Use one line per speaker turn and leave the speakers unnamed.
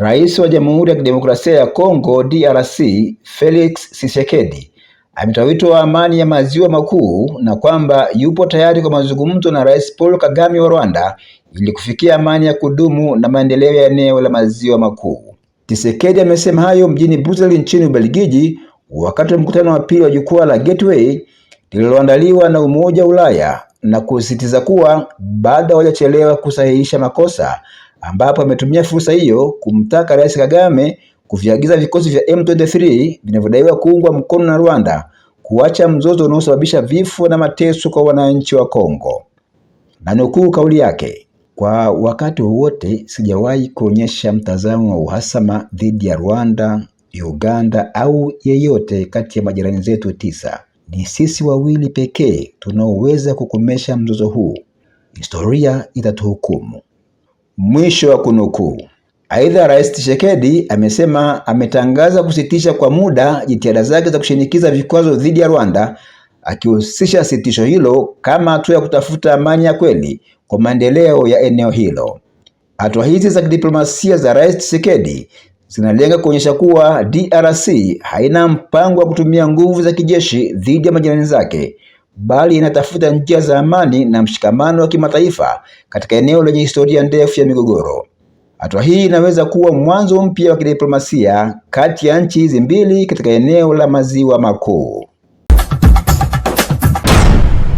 Rais wa Jamhuri ya Kidemokrasia ya Kongo DRC Felix Tshisekedi ametoa wito wa amani ya maziwa makuu na kwamba yupo tayari kwa mazungumzo na Rais Paul Kagame wa Rwanda ili kufikia amani ya kudumu na maendeleo ya eneo la maziwa makuu. Tshisekedi amesema hayo mjini Brussels nchini Ubelgiji wakati wa mkutano wa pili wa jukwaa la Gateway lililoandaliwa na Umoja wa Ulaya na kusisitiza kuwa bado hawajachelewa kusahihisha makosa ambapo ametumia fursa hiyo kumtaka Rais Kagame kuviagiza vikosi vya M23 vinavyodaiwa kuungwa mkono na Rwanda kuacha mzozo unaosababisha vifo na mateso kwa wananchi wa Kongo. Na nukuu kauli yake, kwa wakati wowote sijawahi kuonyesha mtazamo wa uhasama dhidi ya Rwanda, Uganda au yeyote kati ya majirani zetu tisa. Ni sisi wawili pekee tunaoweza kukomesha mzozo huu. Historia itatuhukumu. Mwisho wa kunukuu. Aidha, Rais Tshisekedi amesema ametangaza kusitisha kwa muda jitihada zake za kushinikiza vikwazo dhidi ya Rwanda, akihusisha sitisho hilo kama hatua ya kutafuta amani ya kweli kwa maendeleo ya eneo hilo. Hatua hizi za kidiplomasia za Rais Tshisekedi zinalenga kuonyesha kuwa DRC haina mpango wa kutumia nguvu za kijeshi dhidi ya majirani zake bali inatafuta njia za amani na mshikamano wa kimataifa katika eneo lenye historia ndefu ya migogoro. Hatua hii inaweza kuwa mwanzo mpya wa kidiplomasia kati ya nchi hizi mbili katika eneo la Maziwa Makuu.